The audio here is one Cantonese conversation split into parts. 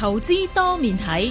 投資多面睇。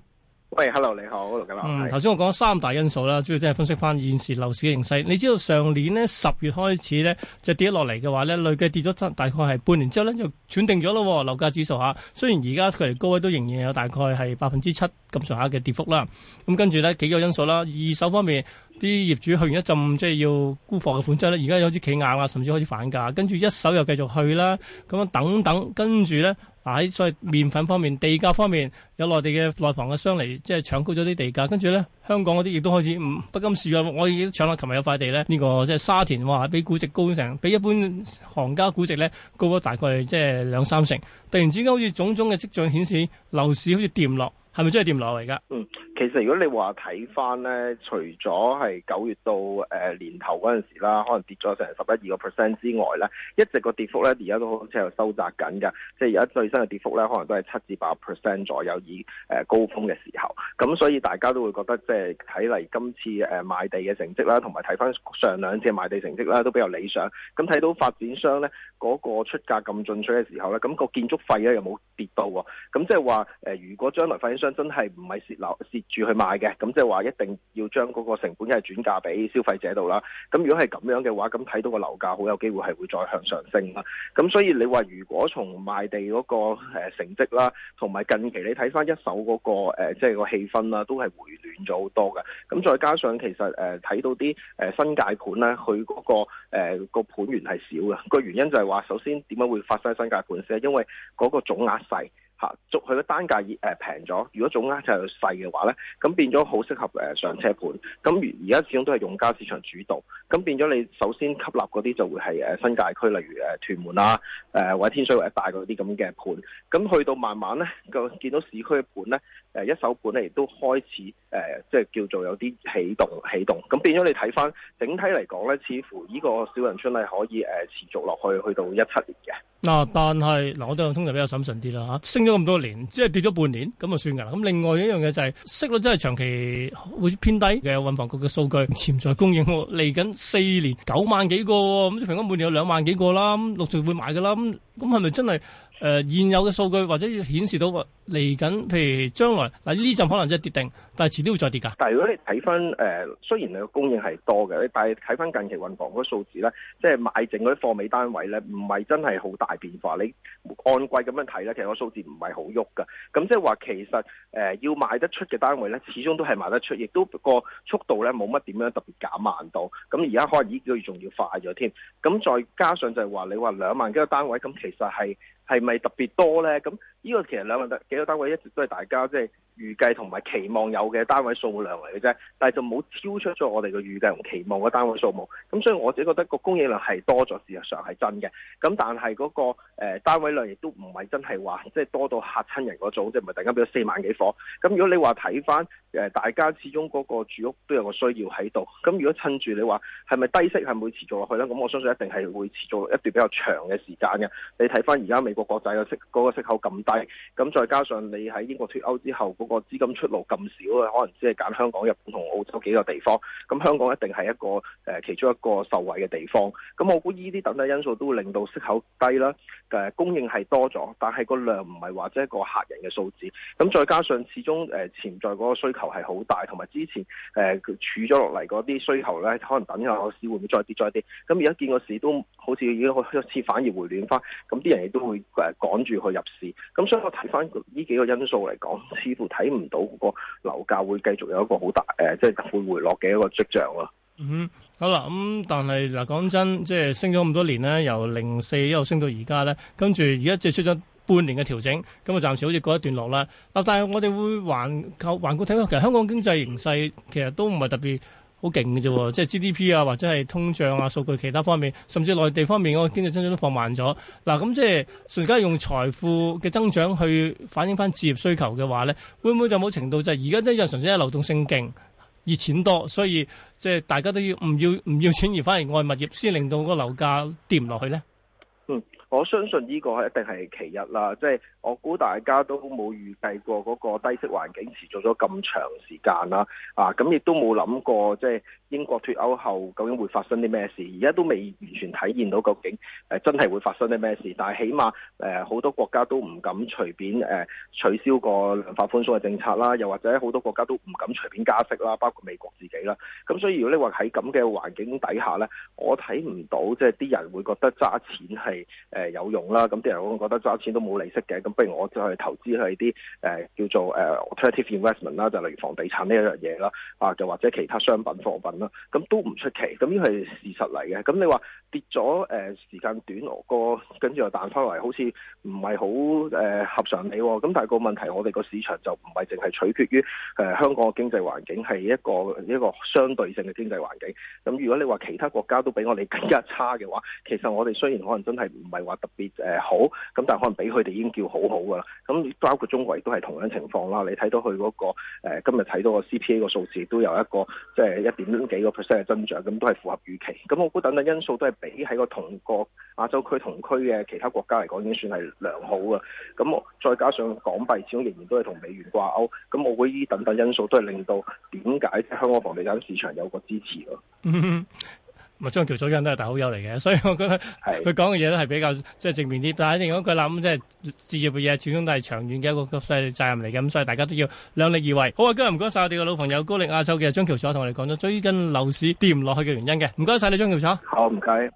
喂，hello，你好，羅吉華。嗯，頭先我講三大因素啦，主要即係分析翻現時樓市嘅形勢。你知道上年呢，十月開始呢，就跌落嚟嘅話呢，累計跌咗大概係半年之後呢，就喘定咗咯。樓價指數吓，雖然而家距離高位都仍然有大概係百分之七咁上下嘅跌幅啦。咁、嗯、跟住呢幾個因素啦，二手方面。啲業主去完一陣，即係要沽房嘅款質咧，而家有啲企硬啊，甚至開始反價，跟住一手又繼續去啦，咁樣等等，跟住咧喺所謂麵粉方面、地價方面，有內地嘅內房嘅商嚟，即係搶高咗啲地價，跟住咧香港嗰啲亦都開始唔不甘示弱啊。我已經搶落琴日有塊地咧，呢、呢個即係沙田哇，比估值高成，比一般行家估值咧高咗大概即係兩三成，突然之間好似種種嘅跡象顯示樓市好似跌落。係咪真係跌落嚟噶？嗯，其實如果你話睇翻咧，除咗係九月到誒、呃、年頭嗰陣時啦，可能跌咗成十一二個 percent 之外咧，一直個跌幅咧而家都好似喺收窄緊噶。即係而家最新嘅跌幅咧，可能都係七至八 percent 左右以，以、呃、誒高峰嘅時候。咁所以大家都會覺得即係睇嚟今次誒賣、呃、地嘅成績啦，同埋睇翻上兩次賣地成績啦，都比較理想。咁睇到發展商咧嗰、嗰個出價咁進取嘅時候咧，咁、個建築費咧又冇度，咁即係話誒，如果將來發展商真係唔係蝕樓蝕住去賣嘅，咁即係話一定要將嗰個成本一係轉嫁俾消費者度啦。咁如果係咁樣嘅話，咁睇到個樓價好有機會係會再向上升啦。咁所以你話如果從賣地嗰個誒成績啦，同埋近期你睇翻一手嗰個誒即係個氣氛啦，都係回暖。 做好多嘅，咁、 嗯、再加上其實誒睇、呃、到啲誒、呃、新界盤咧，佢嗰、那個誒、呃、個盤源係少嘅，個原因就係話，首先點解會發生新界盤先？因為嗰個總額細。嚇，佢個單價誒平咗，如果總額就係細嘅話咧，咁變咗好適合誒上車盤。咁而而家始終都係用家市場主導，咁變咗你首先吸納嗰啲就會係誒新界區，例如誒屯門啊、誒或者天水圍一帶嗰啲咁嘅盤。咁去到慢慢咧，就見到市區嘅盤咧，誒一手盤咧亦都開始誒即係叫做有啲起動起動。咁變咗你睇翻整體嚟講咧，似乎呢個小陽春係可以誒持續落去去到一七年嘅。嗱、啊，但係嗱，我哋通常比較審慎啲啦嚇，啊咁多年，即係跌咗半年，咁就算噶啦。咁另外一樣嘢就係、是、息率真係長期會偏低嘅。運房局嘅數據，潛在供應嚟緊四年九萬幾個，咁平均每年有兩萬幾個啦，陸續會賣噶啦。咁咁係咪真係誒、呃、現有嘅數據或者顯示到？嚟緊，譬如將來嗱呢陣可能即係跌定，但係遲啲會再跌㗎。但係如果你睇翻誒，雖然你嘅供應係多嘅，但係睇翻近期運房嗰個數字咧，即係買剩嗰啲貨尾單位咧，唔係真係好大變化。你按季咁樣睇咧，其實個數字唔係好喐㗎。咁即係話其實誒、呃、要賣得出嘅單位咧，始終都係賣得出，亦都個速度咧冇乜點樣特別減慢到。咁而家可能依幾個月仲要快咗添。咁再加上就係話你話兩萬幾個單位，咁其實係係咪特別多咧？咁呢個其實兩萬幾單位一直都係大家即係預計同埋期望有嘅單位數量嚟嘅啫，但係就冇超出咗我哋嘅預計同期望嘅單位數目。咁所以我只覺得個供應量係多咗，事實上係真嘅。咁但係嗰、那個誒、呃、單位量亦都唔係真係話即係多到嚇親人嗰種，即係唔係突然間變咗四萬幾伙。咁如果你話睇翻誒，大家始終嗰個住屋都有個需要喺度。咁如果趁住你話係咪低息係會持續落去咧？咁我相信一定係會持續一段比較長嘅時間嘅。你睇翻而家美國國債嘅息嗰、那個息口咁低，咁再加。加上你喺英國脱歐之後，嗰、那個資金出路咁少，可能只係揀香港、日本同澳洲幾個地方。咁香港一定係一個誒、呃、其中一個受惠嘅地方。咁我估依啲等等因素都會令到息口低啦，誒、呃、供應係多咗，但係個量唔係話即係一個嚇人嘅數字。咁再加上始終誒、呃、潛在嗰個需求係好大，同埋之前誒儲咗落嚟嗰啲需求咧，可能等下個市會唔會再跌再跌？咁而家見個市都好似已經開始反而回暖翻，咁啲人亦都會誒趕住去入市。咁所以我睇翻。呢幾個因素嚟講，似乎睇唔到個樓價會繼續有一個好大誒、呃，即係會回落嘅一個跡象咯、嗯。嗯，好啦，咁但係嗱講真，即係升咗咁多年咧，由零四一路升到而家咧，跟住而家即係出咗半年嘅調整，咁啊暫時好似過一段落啦。嗱，但係我哋會環顧環顧睇下，其實香港經濟形勢其實都唔係特別好勁嘅啫，即係 GDP 啊，或者係通脹啊，數據其他方面，甚至內地方面個經濟增長都放慢咗。嗱，咁即係純粹係用財富嘅增長去反映翻置業需求嘅話咧，會唔會就冇程度就係而家一樣純粹係流動性勁，而錢多，所以即係大家都要唔要唔要錢而反而愛物業先令到個樓價跌唔落去咧？我相信呢個係一定係其一啦，即係我估大家都冇預計過嗰個低息環境持續咗咁長時間啦，啊，啊，咁亦都冇諗過，即係。英國脫歐後究竟會發生啲咩事？而家都未完全體現到究竟誒真係會發生啲咩事。但係起碼誒、呃、好多國家都唔敢隨便誒、呃、取消個量化寬鬆嘅政策啦，又或者好多國家都唔敢隨便加息啦，包括美國自己啦。咁所以如果你話喺咁嘅環境底下呢，我睇唔到即係啲人會覺得揸錢係誒有用啦。咁啲人會覺得揸錢都冇利息嘅，咁不如我再去投資去啲誒叫做誒、啊、alternative investment 啦，就例如房地產呢一樣嘢啦，啊，就或者其他商品貨品。咁、嗯、都唔出奇，咁呢個係事實嚟嘅。咁、嗯、你話跌咗誒、呃、時間短個，跟住又彈翻嚟，好似唔係好誒合常理、哦。咁但係個問題，我哋個市場就唔係淨係取決於誒、呃、香港嘅經濟環境，係一個一個相對性嘅經濟環境。咁、嗯、如果你話其他國家都比我哋更加差嘅話，其實我哋雖然可能真係唔係話特別誒、呃、好，咁但係可能比佢哋已經叫好好噶啦。咁、嗯、包括中國亦都係同樣情況啦。你睇到佢嗰、那個、呃、今日睇到個 CPA 個數字，都有一個即係一點幾個 percent 嘅增長，咁都係符合預期。咁我估等等因素都係比喺個同國亞洲區同區嘅其他國家嚟講，已經算係良好嘅。咁我再加上港幣始終仍然都係同美元掛鈎，咁我估依等等因素都係令到點解香港房地產市場有個支持咯。嗯嗯。咪張翹楚一樣都係大好友嚟嘅，所以我覺得佢講嘅嘢都係比較即係正面啲。但係，如果佢諗即係置業嘅嘢，始終都係長遠嘅一個細責任嚟嘅，咁所以大家都要量力而為。好啊，今日唔該晒我哋嘅老朋友高力亞洲嘅張翹楚同我哋講咗最近樓市跌唔落去嘅原因嘅。唔該晒你，張翹楚。好，唔該。